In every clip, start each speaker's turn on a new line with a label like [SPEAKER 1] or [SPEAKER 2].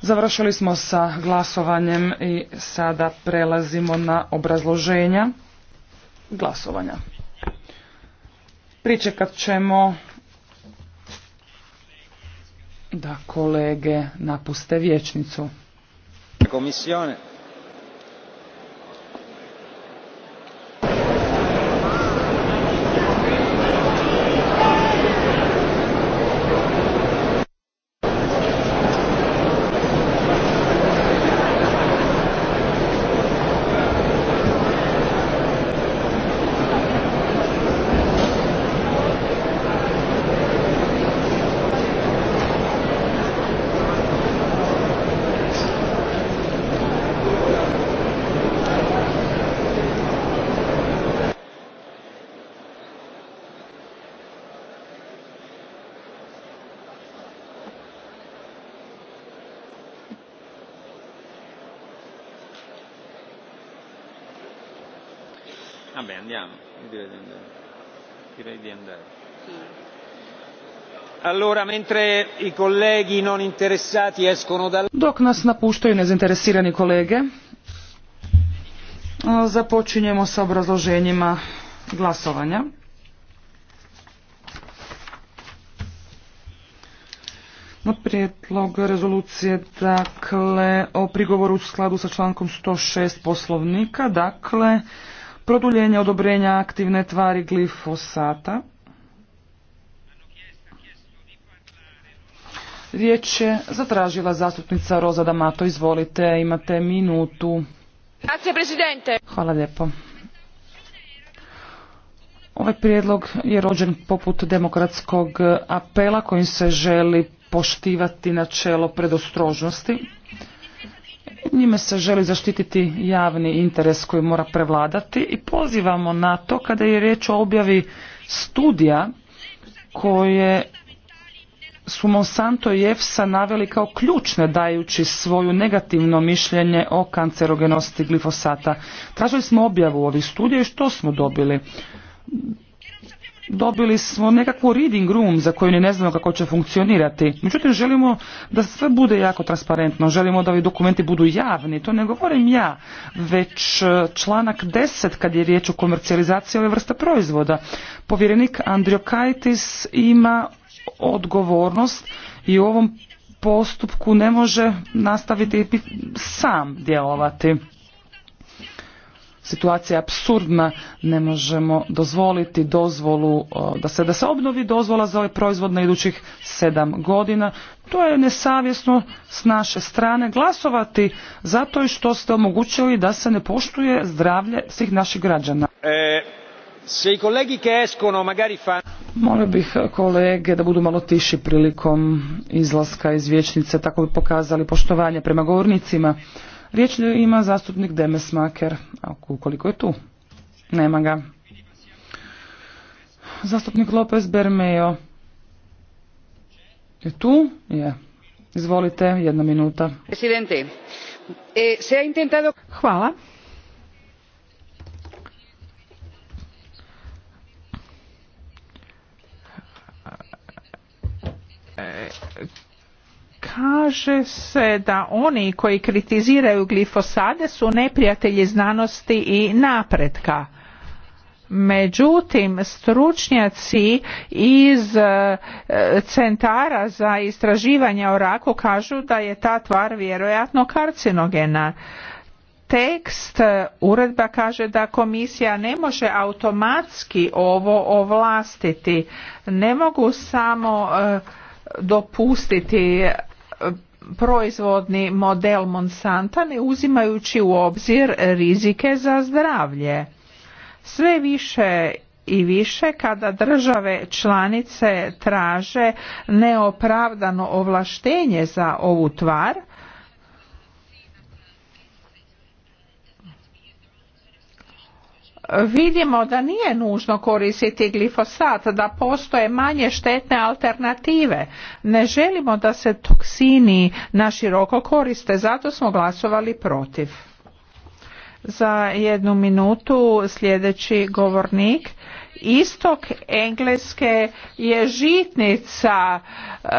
[SPEAKER 1] Završili smo sa glasovanjem i sada prelazimo na obrazloženja glasovanja. Pričekat ćemo da kolege napuste vječnicu. Komisione.
[SPEAKER 2] i non
[SPEAKER 1] Dok nas napuštaju nezainteresirani kolege, započinjemo sa obrazloženjima glasovanja. Na prijedlog rezolucije, dakle, o prigovoru u skladu sa člankom 106 poslovnika, dakle, produljenje odobrenja aktivne tvari glifosata. Riječ je zatražila zastupnica Roza D'Amato. Izvolite, imate minutu. Hvala lijepo. Ovaj prijedlog je rođen poput demokratskog apela kojim se želi poštivati načelo predostrožnosti. Njime se želi zaštititi javni interes koji mora prevladati i pozivamo na to kada je riječ o objavi studija koje su Monsanto i EFSA naveli kao ključne dajući svoju negativno mišljenje o kancerogenosti glifosata. Tražili smo objavu ovih studija i što smo dobili? Dobili smo nekakvu reading room za koju ni ne znamo kako će funkcionirati. Međutim, želimo da sve bude jako transparentno. Želimo da ovi dokumenti budu javni. To ne govorim ja, već e, članak 10 kad je riječ o komercijalizaciji ove vrste proizvoda. Povjerenik Andriokaitis ima odgovornost i u ovom postupku ne može nastaviti sam djelovati. Situacija je absurdna, ne možemo dozvoliti dozvolu e, da se da se obnovi dozvola za ovaj proizvod na idućih sedam godina. To je nesavjesno s naše strane glasovati zato što ste omogućili da se ne poštuje zdravlje svih naših građana. E, se i kolegi ke eskono magari Molio bih e, kolege da budu malo tiši prilikom izlaska iz vječnice, tako bi pokazali poštovanje prema govornicima. Riječ ima zastupnik Demes Maker, ukoliko je tu. Nema ga. Zastupnik Lopez Bermejo. Je tu? Je. Izvolite, jedna minuta. Eh, Hvala. kaže se
[SPEAKER 2] da oni koji kritiziraju glifosade su neprijatelji znanosti i napretka. Međutim, stručnjaci iz e, centara za istraživanje o raku kažu da je ta tvar vjerojatno karcinogena. Tekst e, uredba kaže da komisija ne može automatski ovo ovlastiti. Ne mogu samo e, dopustiti e, proizvodni model Monsanta ne uzimajući u obzir rizike za zdravlje. Sve više i više kada države članice traže neopravdano ovlaštenje za ovu tvar, vidimo da nije nužno koristiti glifosat, da postoje manje štetne alternative. Ne želimo da se toksini na koriste, zato smo glasovali protiv. Za jednu minutu sljedeći govornik. Istok Engleske je žitnica e,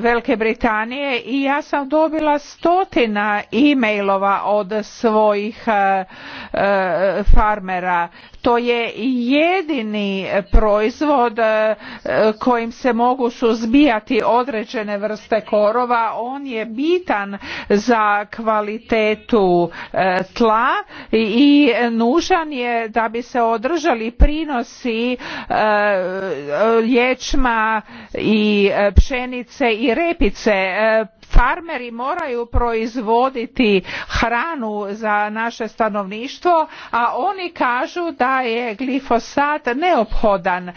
[SPEAKER 2] Velike Britanije i ja sam dobila stotina e-mailova od svojih e, e, farmera. To je jedini proizvod kojim se mogu suzbijati određene vrste korova. On je bitan za kvalitetu tla i nužan je da bi se održali prinos doprinosi e, e, ječma i e, pšenice i repice farmeri moraju proizvoditi hranu za naše stanovništvo a oni kažu da je glifosat neophodan e,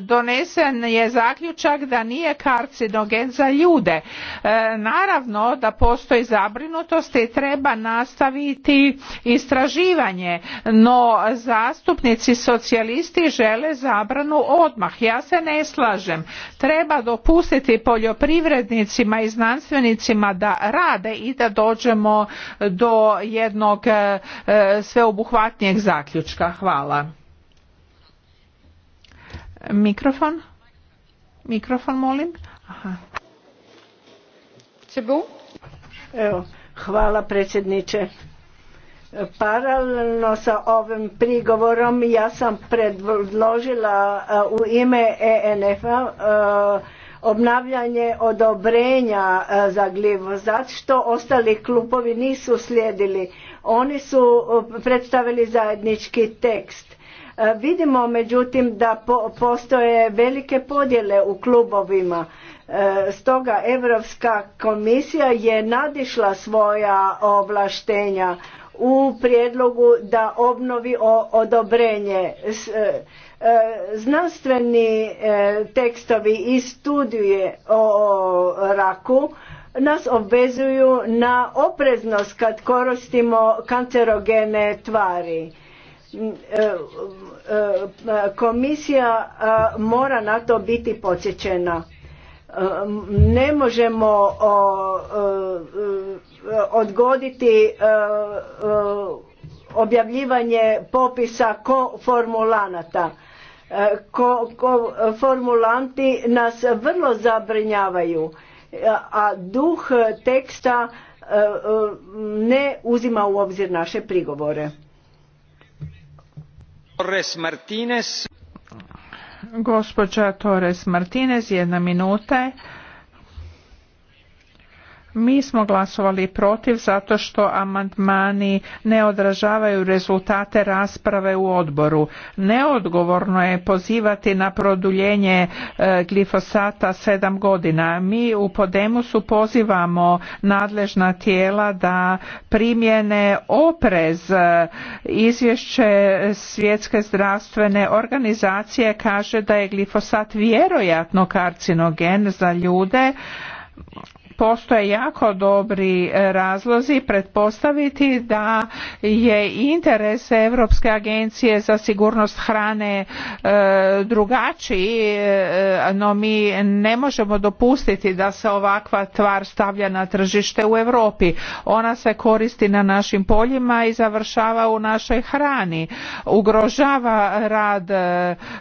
[SPEAKER 2] donesen je zaključak da nije karcinogen za ljude e, naravno da postoji zabrinutost i treba nastaviti istraživanje no zastupnici socijalisti žele zabranu odmah ja se ne slažem treba dopustiti poljoprivrednicima i znanstvenicima znanstvenicima da rade i da dođemo do jednog e, e, sveobuhvatnijeg zaključka. Hvala. Mikrofon? Mikrofon molim. Aha.
[SPEAKER 3] Evo, hvala predsjedniče. Paralelno sa ovim prigovorom ja sam predložila e, u ime enf obnavljanje odobrenja e, za glifosat što ostali klubovi nisu slijedili. Oni su e, predstavili zajednički tekst. E, vidimo međutim da postoje velike podjele u klubovima. Stoga Europska komisija je nadišla svoja ovlaštenja u prijedlogu da obnovi odobrenje E, znanstveni e, tekstovi i studije o raku nas obvezuju na opreznost kad koristimo kancerogene tvari. Mm, e, komisija mora na to biti podsjećena. Ne možemo odgoditi objavljivanje popisa ko formulanata E, ko, ko formulanti nas vrlo zabrinjavaju, e, a duh teksta e, ne uzima u obzir naše prigovore.
[SPEAKER 1] Torres Martinez.
[SPEAKER 2] Gospođa Torres Martinez, jedna minuta. Mi smo glasovali protiv zato što amandmani ne odražavaju rezultate rasprave u odboru. Neodgovorno je pozivati na produljenje e, glifosata sedam godina. Mi u su pozivamo nadležna tijela da primjene oprez. Izvješće Svjetske zdravstvene organizacije kaže da je glifosat vjerojatno karcinogen za ljude postoje jako dobri e, razlozi pretpostaviti da je interes Europske agencije za sigurnost hrane e, drugačiji, e, no mi ne možemo dopustiti da se ovakva tvar stavlja na tržište u Europi. Ona se koristi na našim poljima i završava u našoj hrani. Ugrožava rad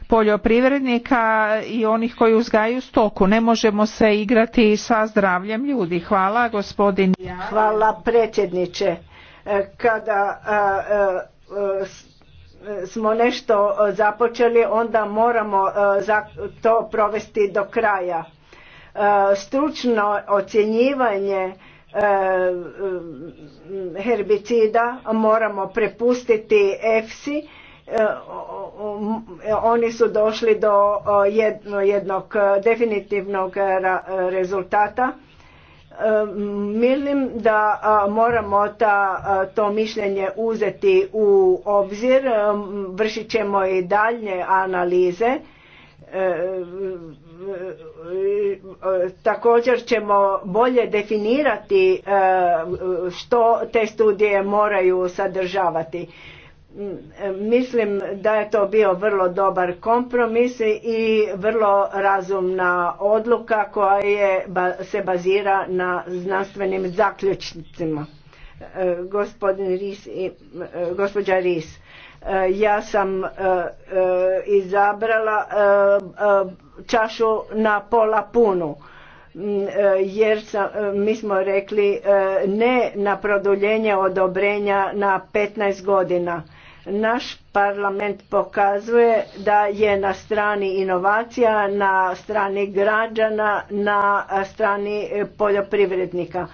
[SPEAKER 2] poljoprivrednika i onih koji uzgajaju stoku. Ne možemo se igrati sa zdravljem ljudi. Hvala gospodin.
[SPEAKER 3] Hvala predsjedniče. E, kada e, e, smo nešto započeli, onda moramo to provesti do kraja. Stručno ocjenjivanje herbicida moramo prepustiti EFSI. Oni su došli do jednog definitivnog rezultata Mislim da moramo ta, to mišljenje uzeti u obzir, vršit ćemo i daljnje analize. E, također ćemo bolje definirati što te studije moraju sadržavati. Mislim da je to bio vrlo dobar kompromis i vrlo razumna odluka koja je, se bazira na znanstvenim zaključnicima. E, gospodin Ris i, e, gospođa Ris, e, ja sam izabrala čašu na pola punu jer mi smo rekli ne na produljenje odobrenja na 15 godina naš parlament pokazuje da je na strani inovacija, na strani građana, na strani poljoprivrednika.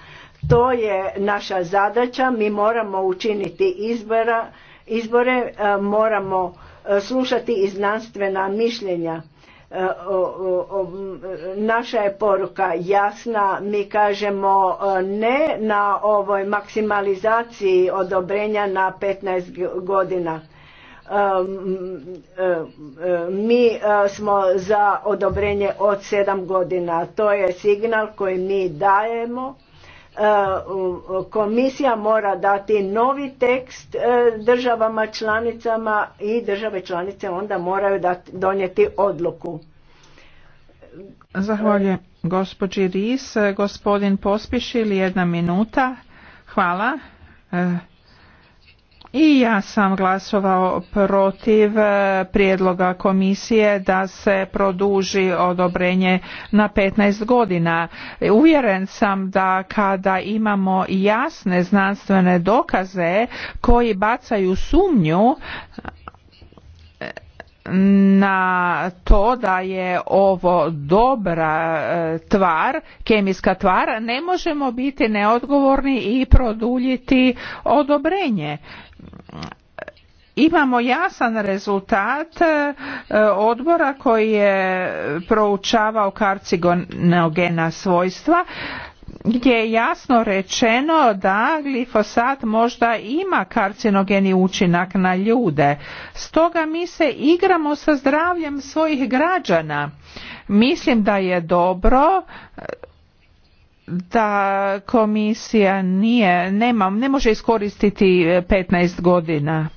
[SPEAKER 3] To je naša zadaća, mi moramo učiniti izbora, izbore, e, moramo e, slušati i znanstvena mišljenja E, naša je poruka jasna, mi kažemo e, ne na ovoj maksimalizaciji odobrenja na 15 godina. E, mi smo za odobrenje od 7 godina. To je signal koji mi dajemo Eh, komisija mora dati novi tekst eh, državama članicama i države članice onda moraju donijeti odluku.
[SPEAKER 2] Zahvaljujem gospođi Ris. Gospodin ili jedna minuta. Hvala. Eh, i ja sam glasovao protiv e, prijedloga komisije da se produži odobrenje na 15 godina. Uvjeren sam da kada imamo jasne znanstvene dokaze koji bacaju sumnju na to da je ovo dobra e, tvar, kemijska tvar, ne možemo biti neodgovorni i produljiti odobrenje imamo jasan rezultat e, odbora koji je proučavao karcinogena svojstva gdje je jasno rečeno da glifosat možda ima karcinogeni učinak na ljude. Stoga mi se igramo sa zdravljem svojih građana. Mislim da je dobro da komisija nije, nema, ne može iskoristiti 15 godina.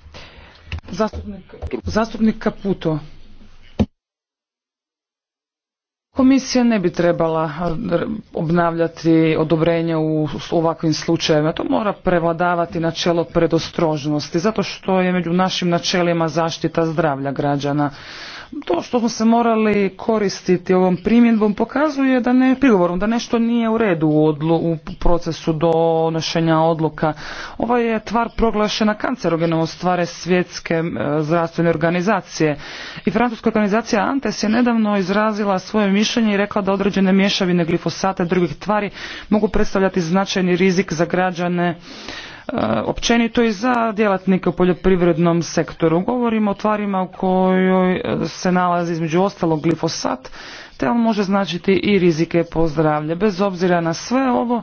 [SPEAKER 1] Zastupnik, zastupnik Kaputo. Komisija ne bi trebala eh, obnavljati odobrenje u ovakvim slučajevima. To mora prevladavati načelo predostrožnosti, zato što je među našim načelima zaštita zdravlja građana to što smo se morali koristiti ovom primjedbom pokazuje da ne prigovorom da nešto nije u redu u, odlu, u procesu donošenja odluka. Ova je tvar proglašena kancerogenom od stvare svjetske e, zdravstvene organizacije i francuska organizacija Antes je nedavno izrazila svoje mišljenje i rekla da određene mješavine glifosata i drugih tvari mogu predstavljati značajni rizik za građane E, općenito i za djelatnike u poljoprivrednom sektoru. Govorimo o tvarima u kojoj e, se nalazi između ostalog glifosat, te on može značiti i rizike po zdravlje. Bez obzira na sve ovo,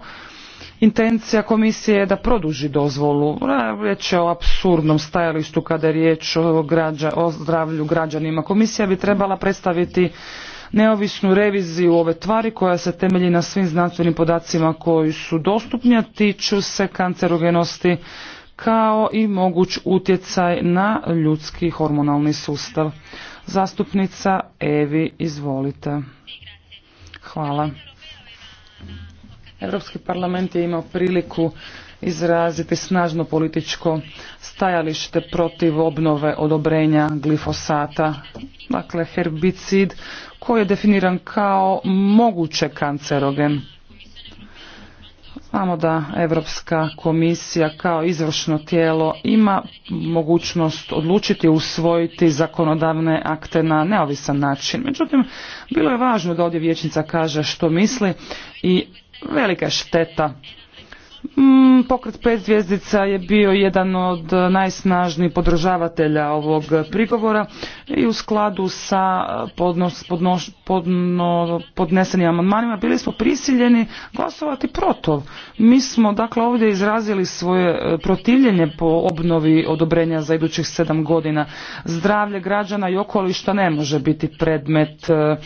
[SPEAKER 1] intencija komisije je da produži dozvolu. Riječ je o apsurdnom stajalištu kada je riječ o zdravlju građanima. Komisija bi trebala predstaviti neovisnu reviziju ove tvari koja se temelji na svim znanstvenim podacima koji su dostupni, a tiču se kancerogenosti kao i moguć utjecaj na ljudski hormonalni sustav. Zastupnica Evi, izvolite. Hvala. Europski parlament je imao priliku izraziti snažno političko stajalište protiv obnove odobrenja glifosata, dakle herbicid koji je definiran kao moguće kancerogen. Znamo da Europska komisija kao izvršno tijelo ima mogućnost odlučiti usvojiti zakonodavne akte na neovisan način. Međutim, bilo je važno da ovdje vijećnica kaže što misli i velika je šteta Mm, pokret pet zvjezdica je bio jedan od najsnažnijih podržavatelja ovog prigovora i u skladu sa podnesenim amandmanima bili smo prisiljeni glasovati protiv. Mi smo dakle ovdje izrazili svoje e, protivljenje po obnovi odobrenja za idućih sedam godina. Zdravlje građana i okolišta ne može biti predmet e,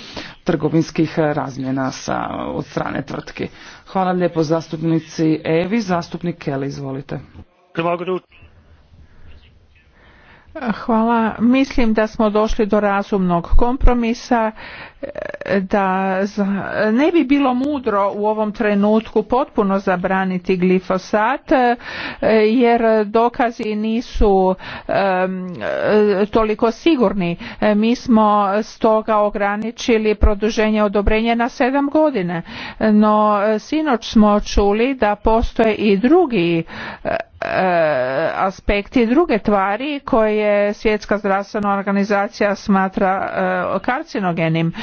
[SPEAKER 1] trgovinskih e, razmjena sa, od strane tvrtke. Hvala lijepo zastupnici Evi. Zastupnik Kelly, izvolite.
[SPEAKER 2] Hvala. Mislim da smo došli do razumnog kompromisa, e, da ne bi bilo mudro u ovom trenutku potpuno zabraniti glifosat, e, jer dokazi nisu e, toliko sigurni. Mi smo stoga ograničili produženje odobrenja na sedam godine, no sinoć smo čuli da postoje i drugi Eh, aspekti druge tvari koje svjetska zdravstvena organizacija smatra eh, karcinogenim.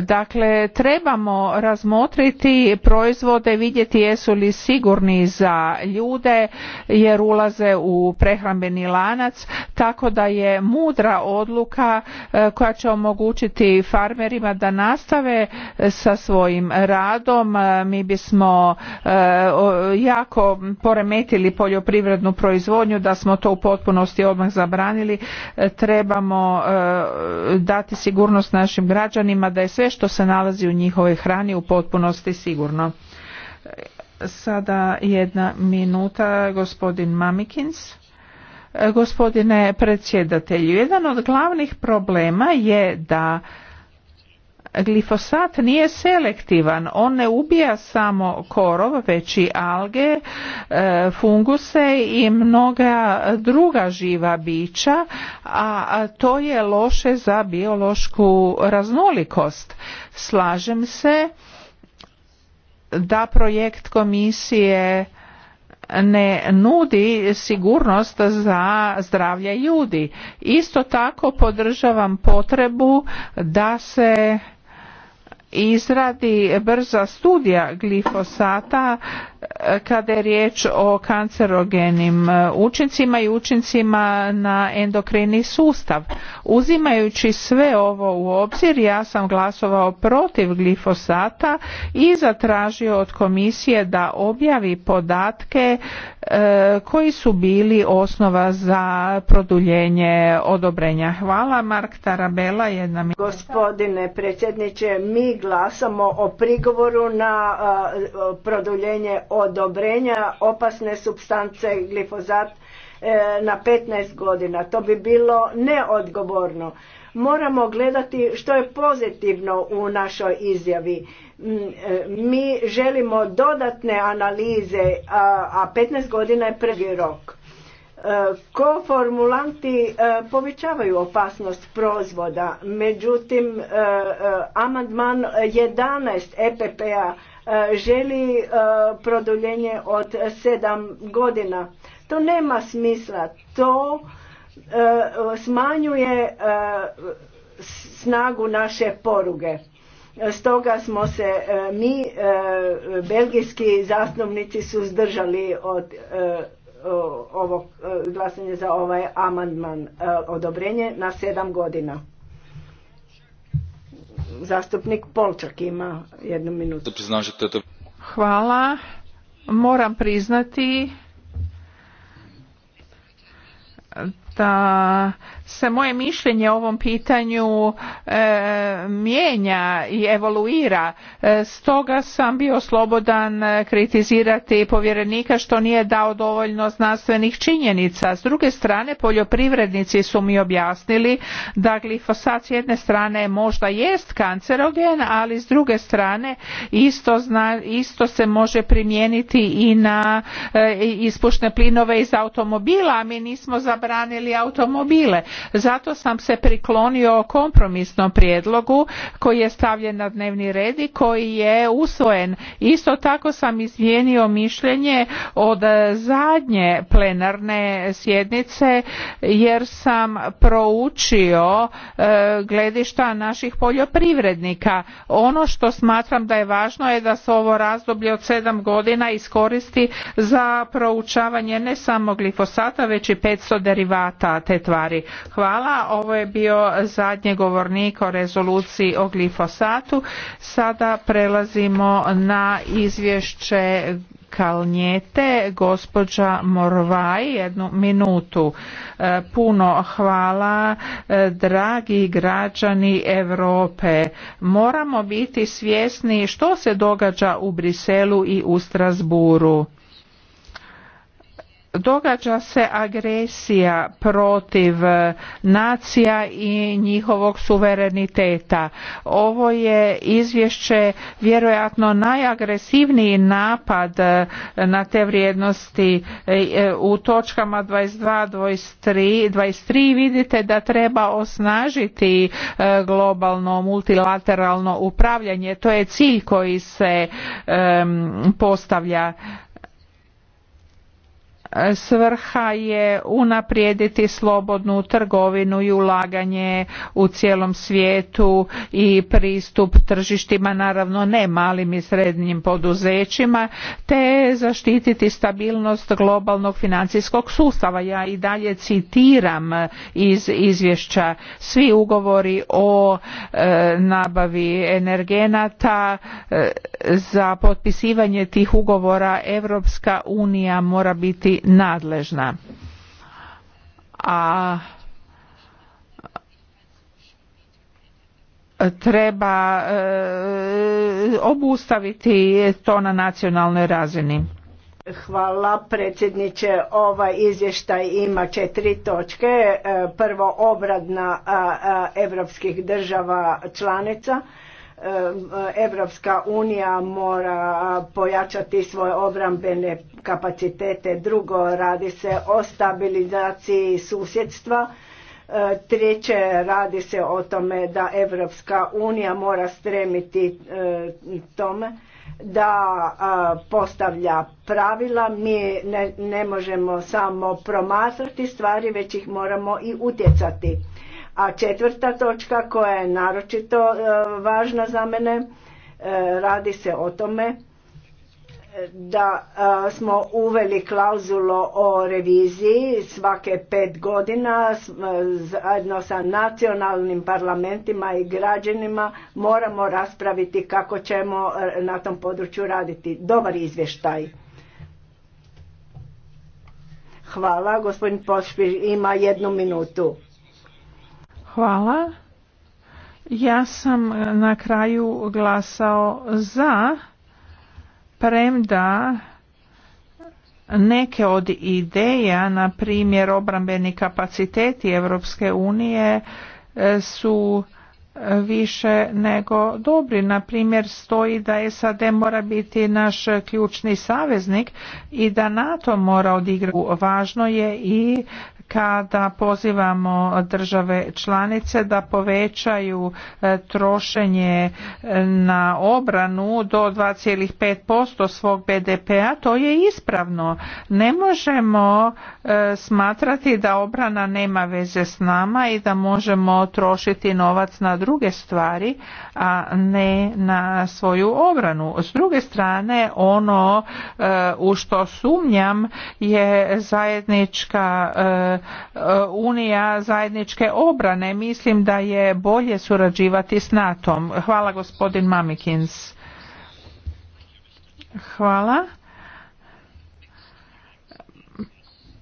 [SPEAKER 2] Dakle, trebamo razmotriti proizvode, vidjeti jesu li sigurni za ljude jer ulaze u prehrambeni lanac, tako da je mudra odluka eh, koja će omogućiti farmerima da nastave sa svojim radom. Mi bismo jako poremetili poljoprivrednike poljoprivrednu proizvodnju, da smo to u potpunosti odmah zabranili. E, trebamo e, dati sigurnost našim građanima da je sve što se nalazi u njihovoj hrani u potpunosti sigurno. Sada jedna minuta, gospodin Mamikins. E, gospodine predsjedatelju, jedan od glavnih problema je da glifosat nije selektivan on ne ubija samo korov već i alge e, funguse i mnoga druga živa bića a to je loše za biološku raznolikost slažem se da projekt komisije ne nudi sigurnost za zdravlje ljudi. Isto tako podržavam potrebu da se izradi brza studija glifosata e, kada je riječ o kancerogenim e, učincima i učincima na endokrini sustav. Uzimajući sve ovo u obzir, ja sam glasovao protiv glifosata i zatražio od komisije da objavi podatke e, koji su bili osnova za produljenje odobrenja. Hvala, Mark Tarabela, jedna mi...
[SPEAKER 3] Gospodine predsjedniče, mi glasamo o prigovoru na produljenje odobrenja opasne substance glifozat e, na 15 godina. To bi bilo neodgovorno. Moramo gledati što je pozitivno u našoj izjavi. E, mi želimo dodatne analize, a 15 godina je prvi rok. E, koformulanti e, povećavaju opasnost proizvoda, međutim e, amandman 11 EPP-a želi produljenje od 7 godina. To nema smisla, to smanjuje snagu naše poruge. Stoga smo se mi, belgijski zastupnici, suzdržali od ovo e, glasanje za ovaj amandman e, odobrenje na sedam godina. Zastupnik Polčak ima jednu minutu.
[SPEAKER 2] Hvala. Moram priznati da se moje mišljenje o ovom pitanju e, mijenja i evoluira e, stoga sam bio slobodan kritizirati povjerenika što nije dao dovoljno znanstvenih činjenica s druge strane poljoprivrednici su mi objasnili da glifosat s jedne strane možda jest kancerogen ali s druge strane isto, isto se može primijeniti i na e, ispušne plinove iz automobila a mi nismo zabranili i automobile. Zato sam se priklonio kompromisnom prijedlogu koji je stavljen na dnevni red i koji je usvojen. Isto tako sam izmijenio mišljenje od zadnje plenarne sjednice jer sam proučio e, gledišta naših poljoprivrednika. Ono što smatram da je važno je da se ovo razdoblje od sedam godina iskoristi za proučavanje ne samo glifosata već i 500 derivata ta, te tvari. Hvala. Ovo je bio zadnji govornik o rezoluciji o glifosatu. Sada prelazimo na izvješće Kalnjete, gospođa Morvaj, jednu minutu. E, puno hvala, e, dragi građani Europe. Moramo biti svjesni što se događa u Briselu i u Strasburu događa se agresija protiv e, nacija i njihovog suvereniteta. Ovo je izvješće vjerojatno najagresivniji napad e, na te vrijednosti e, u točkama 22, 23, vidite da treba osnažiti globalno multilateralno upravljanje. To je cilj koji se postavlja Svrha je unaprijediti slobodnu trgovinu i ulaganje u cijelom svijetu i pristup tržištima, naravno ne malim i srednjim poduzećima, te zaštititi stabilnost globalnog financijskog sustava. Ja i dalje citiram iz izvješća svi ugovori o e, nabavi energenata e, za potpisivanje tih ugovora Europska unija mora biti nadležna. A e, treba e, obustaviti to na nacionalnoj razini.
[SPEAKER 3] Hvala predsjedniče. Ovaj izvještaj ima četiri točke. E, prvo obradna evropskih država članica Evropska unija mora pojačati svoje obrambene kapacitete. Drugo, radi se o stabilizaciji susjedstva. E, treće, radi se o tome da Evropska unija mora stremiti e, tome da postavlja pravila. Mi ne, ne možemo samo promatrati stvari, već ih moramo i utjecati a četvrta točka koja je naročito e, važna za mene, e, radi se o tome e, da smo uveli klauzulo o reviziji svake pet godina zajedno sa nacionalnim parlamentima i građanima moramo raspraviti kako ćemo na tom području raditi. Dobar izvještaj. Hvala, gospodin Pošpir ima jednu minutu.
[SPEAKER 2] Hvala. Ja sam e, na kraju glasao za, premda neke od ideja, na primjer obrambeni kapaciteti Europske unije e, su više nego dobri. Na primjer stoji da SAD mora biti naš ključni saveznik i da NATO mora odigrati. Važno je i kada pozivamo države članice da povećaju e, trošenje e, na obranu do 2,5% svog BDP-a, to je ispravno. Ne možemo e, smatrati da obrana nema veze s nama i da možemo trošiti novac na druge stvari, a ne na svoju obranu. S druge strane, ono u što sumnjam je zajednička Eh, unija zajedničke obrane. Mislim da je bolje surađivati s NATO-om. Hvala gospodin Mamikins. Hvala.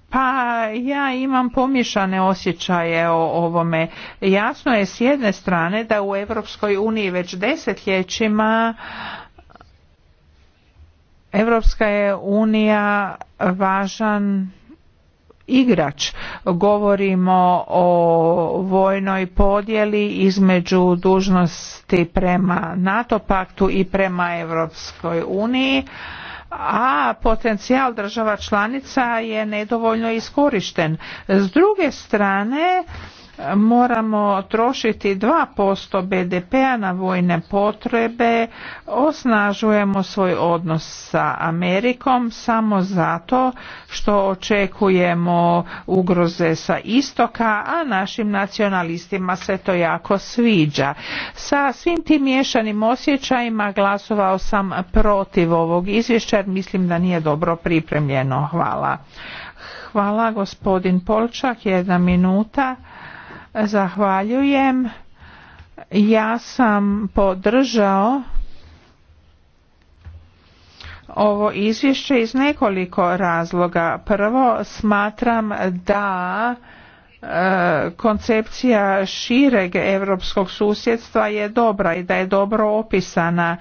[SPEAKER 2] Pa ja imam pomješane osjećaje o ovome. Jasno je s jedne strane da u Europskoj uniji već desetljećima Europska je unija važan igrač. Govorimo o vojnoj podjeli između dužnosti prema NATO paktu i prema Europskoj uniji a potencijal država članica je nedovoljno iskorišten. S druge strane, moramo trošiti 2% BDP-a na vojne potrebe, osnažujemo svoj odnos sa Amerikom samo zato što očekujemo ugroze sa istoka, a našim nacionalistima se to jako sviđa. Sa svim tim miješanim osjećajima glasovao sam protiv ovog izvješća jer mislim da nije dobro pripremljeno. Hvala. Hvala gospodin Polčak, jedna minuta. Zahvaljujem. Ja sam podržao ovo izvješće iz nekoliko razloga. Prvo, smatram da koncepcija šireg europskog susjedstva je dobra i da je dobro opisana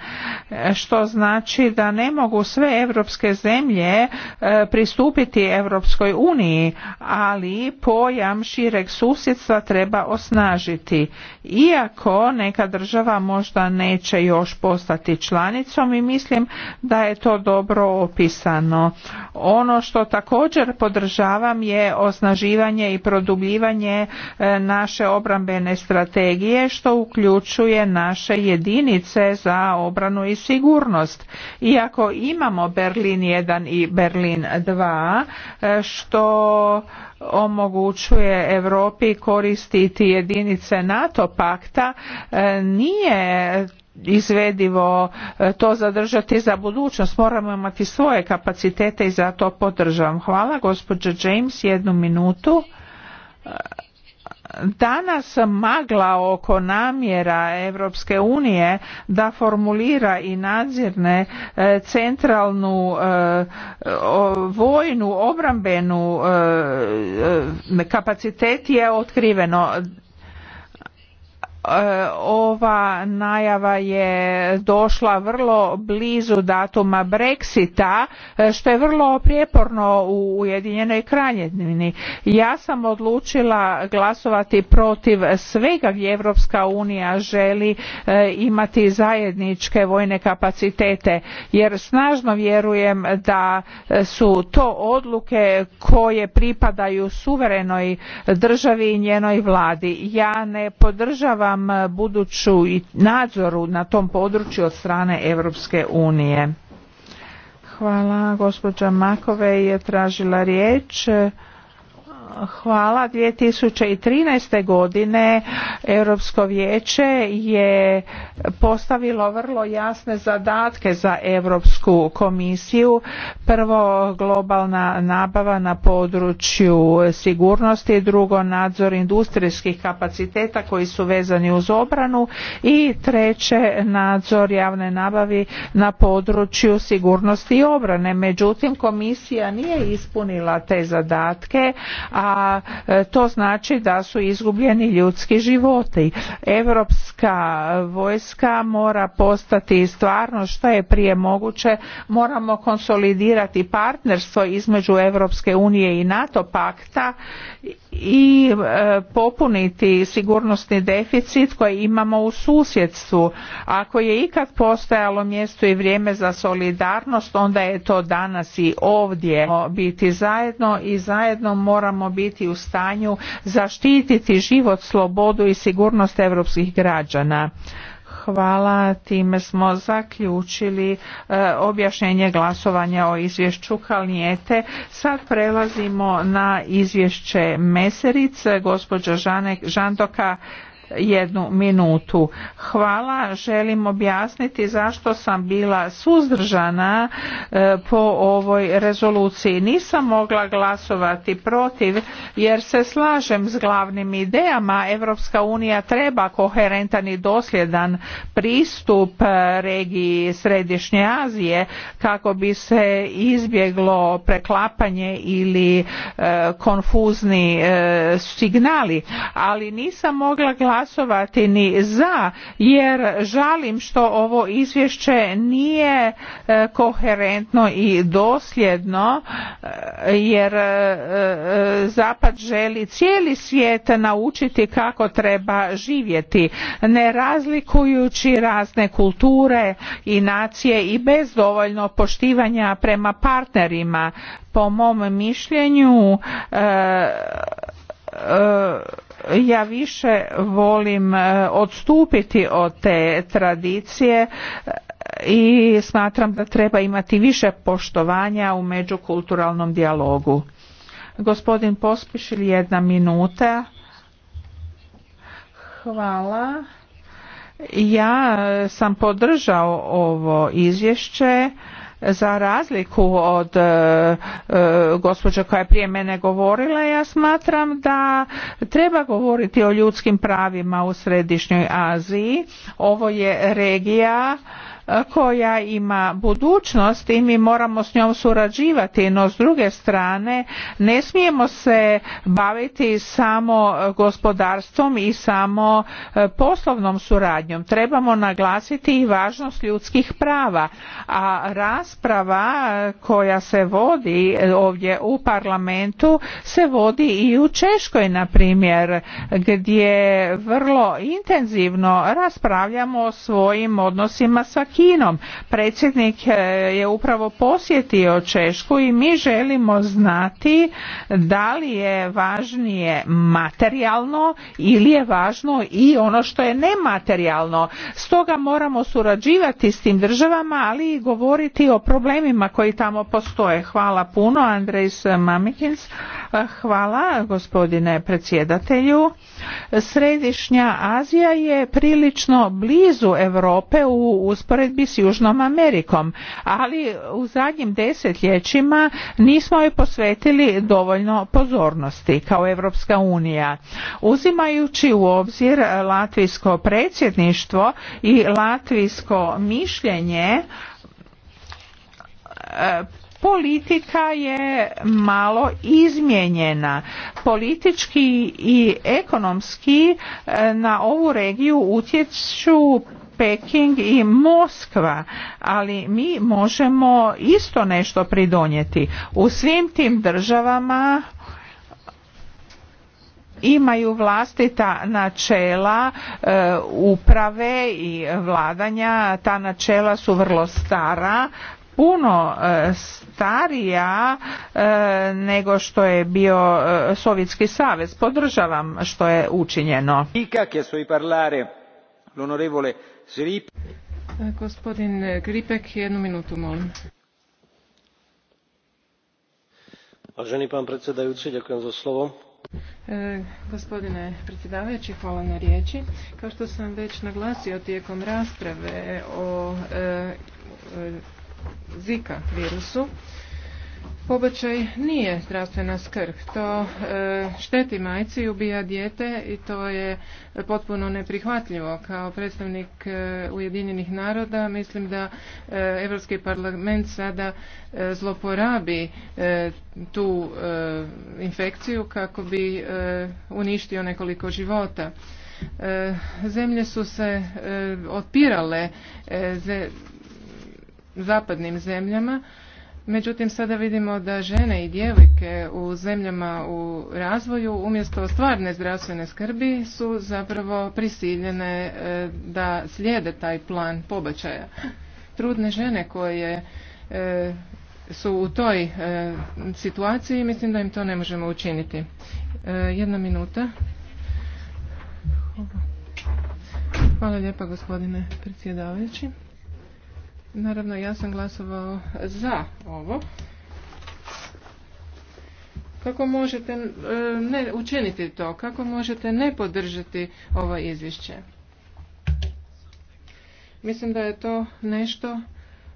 [SPEAKER 2] što znači da ne mogu sve europske zemlje e, pristupiti Europskoj uniji ali pojam šireg susjedstva treba osnažiti iako neka država možda neće još postati članicom i mislim da je to dobro opisano ono što također podržavam je osnaživanje i produbljivanje pojavljivanje e, naše obrambene strategije što uključuje naše jedinice za obranu i sigurnost. Iako imamo Berlin 1 i Berlin 2 e, što omogućuje Europi koristiti jedinice NATO pakta e, nije izvedivo to zadržati za budućnost. Moramo imati svoje kapacitete i zato podržavam. Hvala gospođo James, jednu minutu danas magla oko namjera Europske unije da formulira i nadzirne e, centralnu e, vojnu obrambenu e, kapacitet je otkriveno ova najava je došla vrlo blizu datuma Brexita e, što je vrlo prijeporno u Ujedinjenoj Kraljevini. Ja sam odlučila glasovati protiv svega gdje Europska unija želi e, imati zajedničke vojne kapacitete jer snažno vjerujem da su to odluke koje pripadaju suverenoj državi i njenoj vladi. Ja ne podržavam E, buduću i nadzoru na tom području od strane Europske unije. Hvala, gospođa Makove je tražila riječ. Hvala. 2013. godine Europsko vijeće je postavilo vrlo jasne zadatke za Europsku komisiju. Prvo globalna nabava na području sigurnosti, drugo nadzor industrijskih kapaciteta koji su vezani uz obranu i treće nadzor javne nabavi na području sigurnosti i obrane. Međutim, komisija nije ispunila te zadatke, a a e, to znači da su izgubljeni ljudski životi. Europska vojska mora postati stvarno što je prije moguće, moramo konsolidirati partnerstvo između Europske unije i NATO pakta i e, popuniti sigurnosni deficit koji imamo u susjedstvu. Ako je ikad postojalo mjesto i vrijeme za solidarnost, onda je to danas i ovdje. Biti zajedno i zajedno moramo biti u stanju zaštititi život, slobodu i sigurnost europskih građana. Hvala, time smo zaključili e, objašnjenje glasovanja o izvješću Kalnijete. Sad prelazimo na izvješće Meseric, gospođa Žandoka jednu minutu. Hvala, želim objasniti zašto sam bila suzdržana e, po ovoj rezoluciji. Nisam mogla glasovati protiv jer se slažem s glavnim idejama. Evropska unija treba koherentan i dosljedan pristup e, regiji Središnje Azije kako bi se izbjeglo preklapanje ili e, konfuzni signali, ali nisam mogla glasovati glasovati ni za jer žalim što ovo izvješće nije e, koherentno i dosljedno e, jer e, zapad želi cijeli svijet naučiti kako treba živjeti ne razlikujući razne kulture i nacije i bez dovoljno poštivanja prema partnerima po mom mišljenju ja više volim e, odstupiti od te tradicije e, i smatram da treba imati više poštovanja u međukulturalnom dijalogu. Gospodin Pospišil, jedna minuta. Hvala. Ja e, sam podržao ovo izvješće za razliku od e, e, gospođe koja je prije mene govorila ja smatram da treba govoriti o ljudskim pravima u središnjoj aziji ovo je regija koja ima budućnost i mi moramo s njom surađivati no s druge strane ne smijemo se baviti samo gospodarstvom i samo e, poslovnom suradnjom trebamo naglasiti i važnost ljudskih prava a rasprava e, koja se vodi e, ovdje u parlamentu se vodi i u Češkoj na primjer gdje vrlo intenzivno raspravljamo o svojim odnosima sa Kinom. Predsjednik e, je upravo posjetio Češku i mi želimo znati da li je važnije materijalno ili je važno i ono što je nematerijalno. Stoga moramo surađivati s tim državama, ali i govoriti o problemima koji tamo postoje. Hvala puno, Andrejs Mamikins. Hvala gospodine predsjedatelju. Središnja Azija je prilično blizu Europe u usporedbi s Južnom Amerikom, ali u zadnjim desetljećima nismo joj posvetili dovoljno pozornosti kao Europska unija. Uzimajući u obzir latvijsko predsjedništvo i latvijsko mišljenje, politika je malo izmijenjena. Politički i ekonomski e, na ovu regiju utječu Peking i Moskva, ali mi možemo isto nešto pridonijeti. U svim tim državama imaju vlastita načela e, uprave i vladanja ta načela su vrlo stara puno e, starija e, nego što je bio e, Sovjetski savez. Podržavam što je učinjeno.
[SPEAKER 4] Gospodin Gripek, jednu minutu molim.
[SPEAKER 5] Važeni pan predsjedajući, ďakujem za slovo.
[SPEAKER 4] gospodine predsjedavajući, hvala na riječi. Kao što sam već naglasio tijekom rasprave o Zika virusu. Pobačaj nije zdravstvena skrb. To e, šteti majci i ubija dijete i to je potpuno neprihvatljivo. Kao predstavnik e, Ujedinjenih naroda mislim da Europski parlament sada e, zloporabi tu infekciju kako bi uništio nekoliko života. Zemlje su se otpirale zapadnim zemljama. Međutim, sada vidimo da žene i djevojke u zemljama u razvoju umjesto stvarne zdravstvene skrbi su zapravo prisiljene e, da slijede taj plan pobačaja. Trudne žene koje e, su u toj e, situaciji, mislim da im to ne možemo učiniti. Jedna minuta. Hvala lijepa gospodine predsjedavajući. Naravno, ja sam glasovao za ovo. Kako možete e, ne učiniti to? Kako možete ne podržati ovo izvješće? Mislim da je to nešto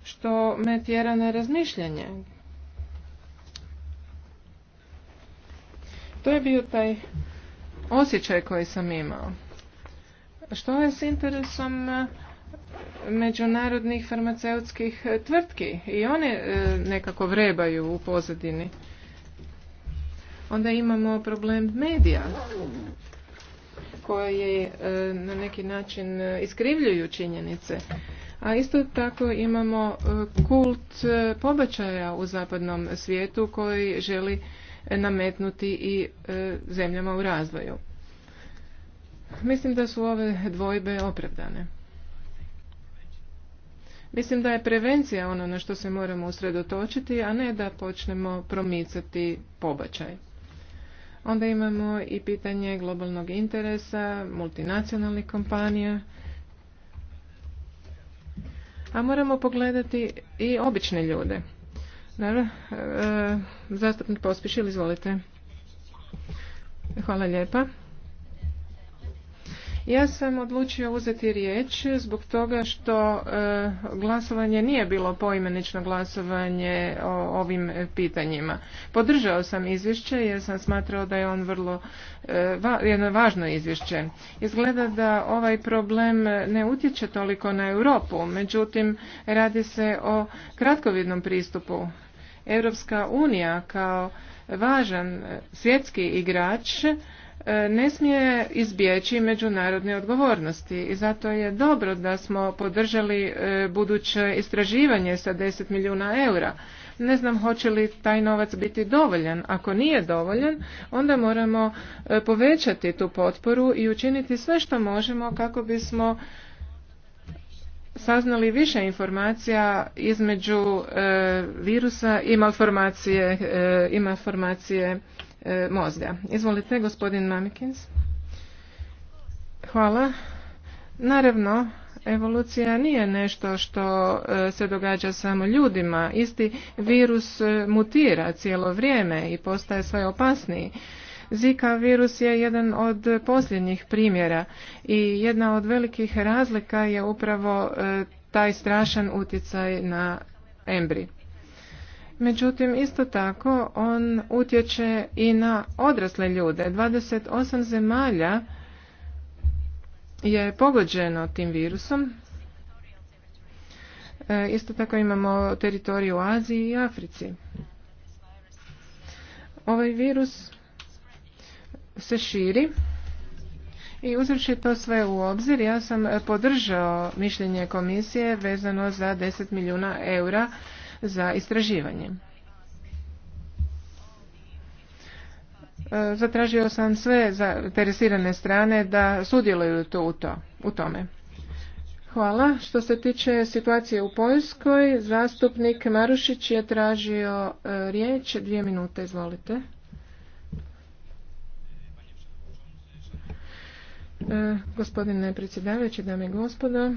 [SPEAKER 4] što me tjera na razmišljanje. To je bio taj osjećaj koji sam imao. Što je s interesom međunarodnih farmaceutskih tvrtki i one e, nekako vrebaju u pozadini. Onda imamo problem medija koji e, na neki način e, iskrivljuju činjenice. A isto tako imamo kult pobačaja u zapadnom svijetu koji želi nametnuti i zemljama u razvoju. Mislim da su ove dvojbe opravdane. Mislim da je prevencija ono na što se moramo usredotočiti, a ne da počnemo promicati pobačaj. Onda imamo i pitanje globalnog interesa, multinacionalnih kompanija. A moramo pogledati i obične ljude. Naravno, e, e, zastupnik Pospišil, izvolite. Hvala lijepa. Ja sam odlučio uzeti riječ zbog toga što e, glasovanje nije bilo poimenično glasovanje o ovim pitanjima. Podržao sam izvješće jer sam smatrao da je on vrlo e, jedno važno izvješće. Izgleda da ovaj problem ne utječe toliko na Europu, međutim radi se o kratkovidnom pristupu. Europska unija kao važan svjetski igrač E, ne smije izbjeći međunarodne odgovornosti i zato je dobro da smo podržali e, buduće istraživanje sa 10 milijuna eura. Ne znam hoće li taj novac biti dovoljan. Ako nije dovoljan, onda moramo e, povećati tu potporu i učiniti sve što možemo kako bismo saznali više informacija između virusa i malformacije, ima malformacije E, mozga. Izvolite, gospodin Mamikins. Hvala. Naravno, evolucija nije nešto što e, se događa samo ljudima. Isti virus e, mutira cijelo vrijeme i postaje sve opasniji. Zika virus je jedan od posljednjih primjera i jedna od velikih razlika je upravo taj strašan utjecaj na embri. Međutim, isto tako, on utječe i na odrasle ljude. 28 zemalja je pogođeno tim virusom. E, isto tako imamo teritoriju u Aziji i Africi. Ovaj virus se širi i uzvrši to sve u obzir. Ja sam podržao mišljenje komisije vezano za 10 milijuna eura za istraživanje. E, zatražio sam sve zainteresirane strane da sudjeluju u, to, u tome. Hvala. Što se tiče situacije u Poljskoj, zastupnik Marušić je tražio e, riječ. Dvije minute, izvolite. E, gospodine predsjedavajući, dame i gospodo.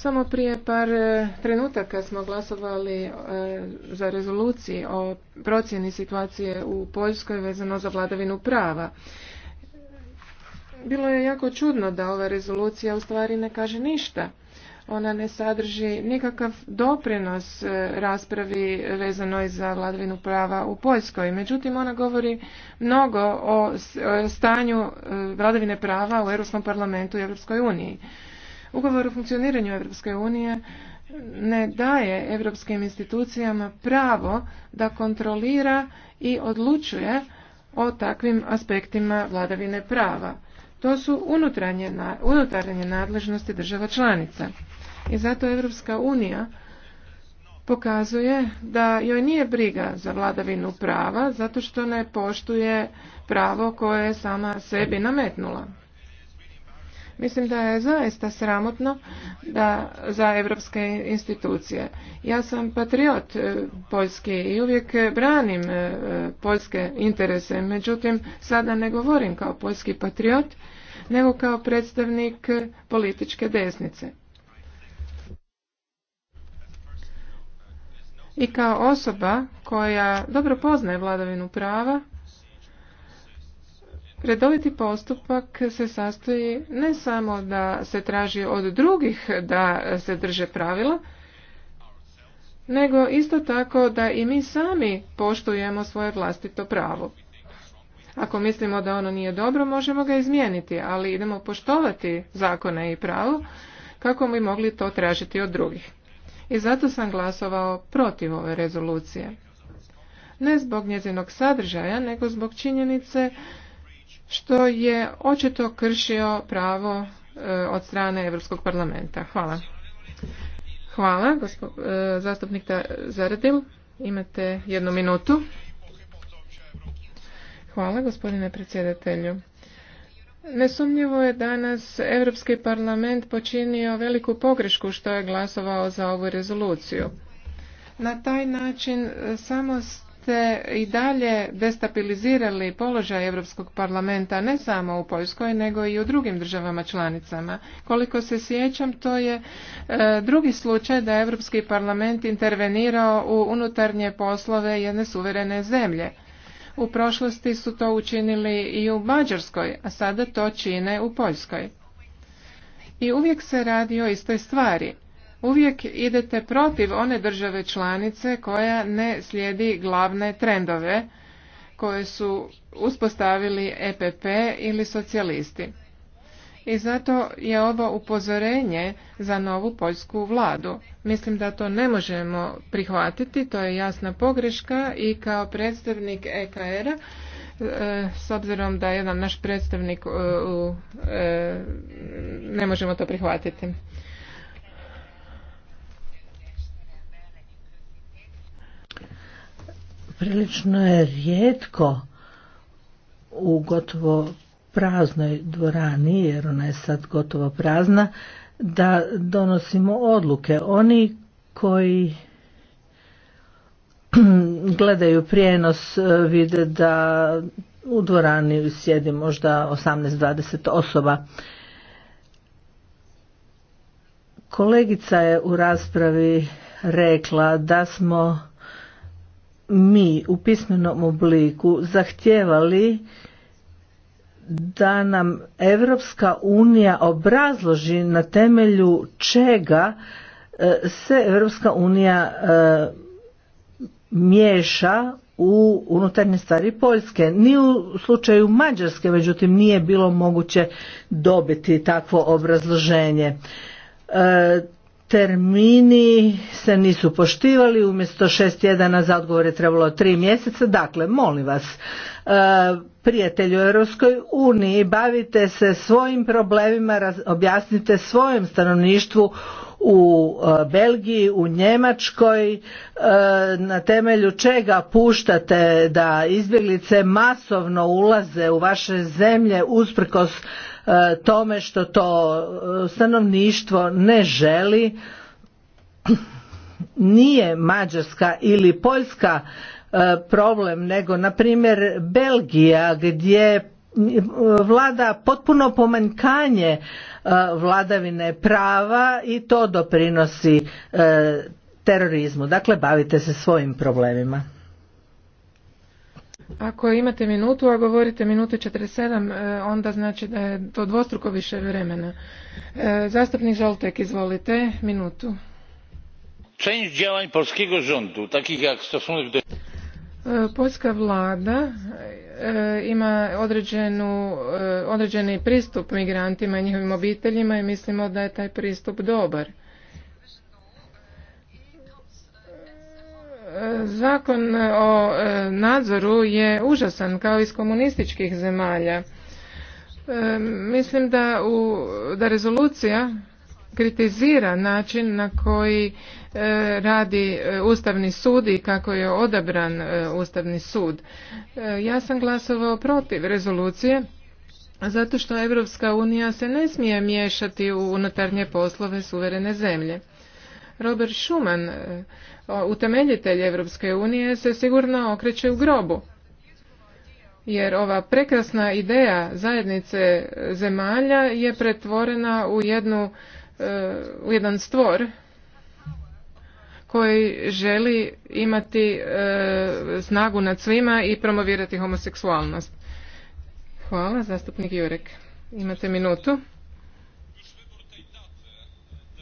[SPEAKER 4] Samo prije par e, trenutaka smo glasovali e, za rezoluciji o procjeni situacije u Poljskoj vezano za vladavinu prava. Bilo je jako čudno da ova rezolucija u stvari ne kaže ništa. Ona ne sadrži nikakav doprinos e, raspravi vezanoj za vladavinu prava u Poljskoj. Međutim, ona govori mnogo o stanju vladavine prava u Europskom parlamentu i Europskoj uniji. Ugovor o funkcioniranju Europske unije ne daje europskim institucijama pravo da kontrolira i odlučuje o takvim aspektima vladavine prava. To su unutarnje, nadležnosti država članica. I zato Europska unija pokazuje da joj nije briga za vladavinu prava zato što ne poštuje pravo koje je sama sebi nametnula. Mislim da je zaista sramotno da za evropske institucije. Ja sam patriot e, poljske i uvijek branim e, poljske interese, međutim sada ne govorim kao poljski patriot, nego kao predstavnik političke desnice. I kao osoba koja dobro poznaje vladavinu prava, Redoviti postupak se sastoji ne samo da se traži od drugih da se drže pravila, nego isto tako da i mi sami poštujemo svoje vlastito pravo. Ako mislimo da ono nije dobro, možemo ga izmijeniti, ali idemo poštovati zakone i pravo kako bi mogli to tražiti od drugih. I zato sam glasovao protiv ove rezolucije. Ne zbog njezinog sadržaja, nego zbog činjenice što je očito kršio pravo e, od strane Europskog parlamenta. Hvala. Hvala, e, zastupnik Zaradil. Imate jednu minutu. Hvala, gospodine predsjedatelju. Nesumnjivo je danas Europski parlament počinio veliku pogrešku što je glasovao za ovu rezoluciju. Na taj način samo i dalje destabilizirali položaj Europskog parlamenta ne samo u Poljskoj nego i u drugim državama članicama. Koliko se sjećam to je e, drugi slučaj da Europski parlament intervenirao u unutarnje poslove jedne suverene zemlje. U prošlosti su to učinili i u Mađarskoj, a sada to čine u Poljskoj. I uvijek se radi o istoj stvari uvijek idete protiv one države članice koja ne slijedi glavne trendove koje su uspostavili EPP ili socijalisti. I zato je ovo upozorenje za novu poljsku vladu. Mislim da to ne možemo prihvatiti, to je jasna pogreška i kao predstavnik EKR-a e, s obzirom da jedan naš predstavnik e, e, ne možemo to prihvatiti.
[SPEAKER 5] prilično je rijetko u gotovo praznoj dvorani, jer ona je sad gotovo prazna, da donosimo odluke. Oni koji gledaju prijenos e, vide da u dvorani sjedi možda 18-20 osoba. Kolegica je u raspravi rekla da smo mi u pismenom obliku zahtjevali da nam Europska unija obrazloži na temelju čega e, se Europska unija e, miješa u unutarnje stvari Poljske. Ni u slučaju Mađarske, međutim, nije bilo moguće dobiti takvo obrazloženje. E, termini se nisu poštivali, umjesto šest tjedana za odgovore trebalo tri mjeseca. Dakle, molim vas, e, prijatelji u Europskoj uniji, bavite se svojim problemima, objasnite svojem stanovništvu u e, Belgiji, u Njemačkoj, e, na temelju čega puštate da izbjeglice masovno ulaze u vaše zemlje usprkos E, tome što to e, stanovništvo ne želi nije Mađarska ili Poljska e, problem nego na primjer Belgija gdje vlada potpuno pomanjkanje vladavine prava i to doprinosi terorizmu. Dakle, bavite se svojim problemima.
[SPEAKER 4] Ako imate minutu, a govorite minutu 47, e, onda znači da je to dvostruko više vremena. E, zastupnik Žoltek, izvolite, minutu.
[SPEAKER 5] polskiego rządu, jak stosunek do... E,
[SPEAKER 4] Poljska vlada ima određeni pristup migrantima i njihovim obiteljima i mislimo da je taj pristup dobar. Zakon o e, nadzoru je užasan kao iz komunističkih zemalja. E, mislim da, u, da rezolucija kritizira način na koji e, radi Ustavni sud i kako je odabran Ustavni sud. Ja sam glasovao protiv rezolucije zato što Europska unija se ne smije miješati u unutarnje poslove suverene zemlje. Robert Schuman, e, utemeljitelj Europske unije, se sigurno okreće u grobu. Jer ova prekrasna ideja zajednice zemalja je pretvorena u, jednu, e, u jedan stvor koji želi imati e, snagu nad svima i promovirati homoseksualnost. Hvala, zastupnik Jurek. Imate minutu.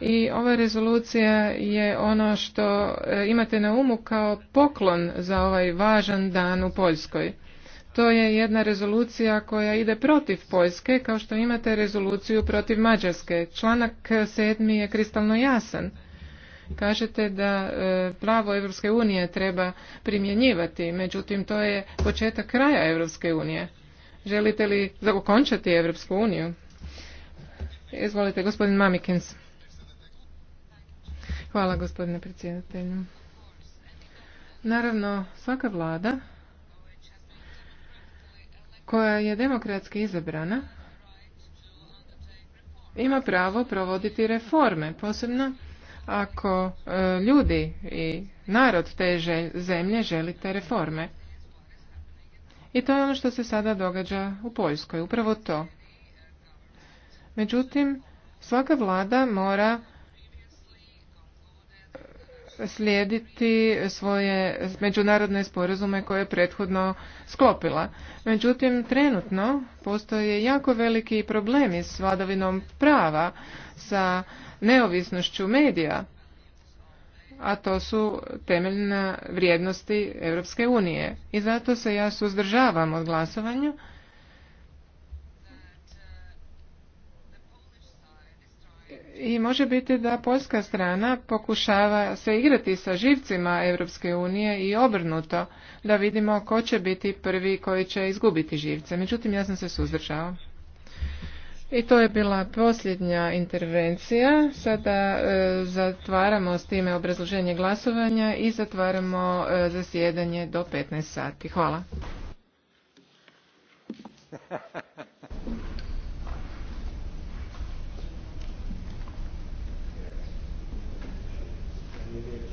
[SPEAKER 4] i ova rezolucija je ono što e, imate na umu kao poklon za ovaj važan dan u Poljskoj. To je jedna rezolucija koja ide protiv Poljske, kao što imate rezoluciju protiv Mađarske. Članak sedmi je kristalno jasan. Kažete da e, pravo Europske unije treba primjenjivati, međutim to je početak kraja Europske unije. Želite li zakončati Europsku uniju? Izvolite, gospodin Mamikins. Hvala gospodine predsjedatelju. Naravno, svaka vlada koja je demokratski izabrana ima pravo provoditi reforme, posebno ako e, ljudi i narod te zemlje želi te reforme. I to je ono što se sada događa u Poljskoj, upravo to. Međutim, svaka vlada mora slijediti svoje međunarodne sporazume koje je prethodno sklopila. Međutim, trenutno postoje jako veliki problemi s vladavinom prava, sa neovisnošću medija, a to su temeljne vrijednosti Europske unije. I zato se ja suzdržavam od glasovanja i može biti da poljska strana pokušava se igrati sa živcima Europske unije i obrnuto da vidimo ko će biti prvi koji će izgubiti živce. Međutim, ja sam se suzdržao. I to je bila posljednja intervencija. Sada e, zatvaramo s time obrazloženje glasovanja i zatvaramo e, zasjedanje do 15 sati. Hvala.
[SPEAKER 1] Hvala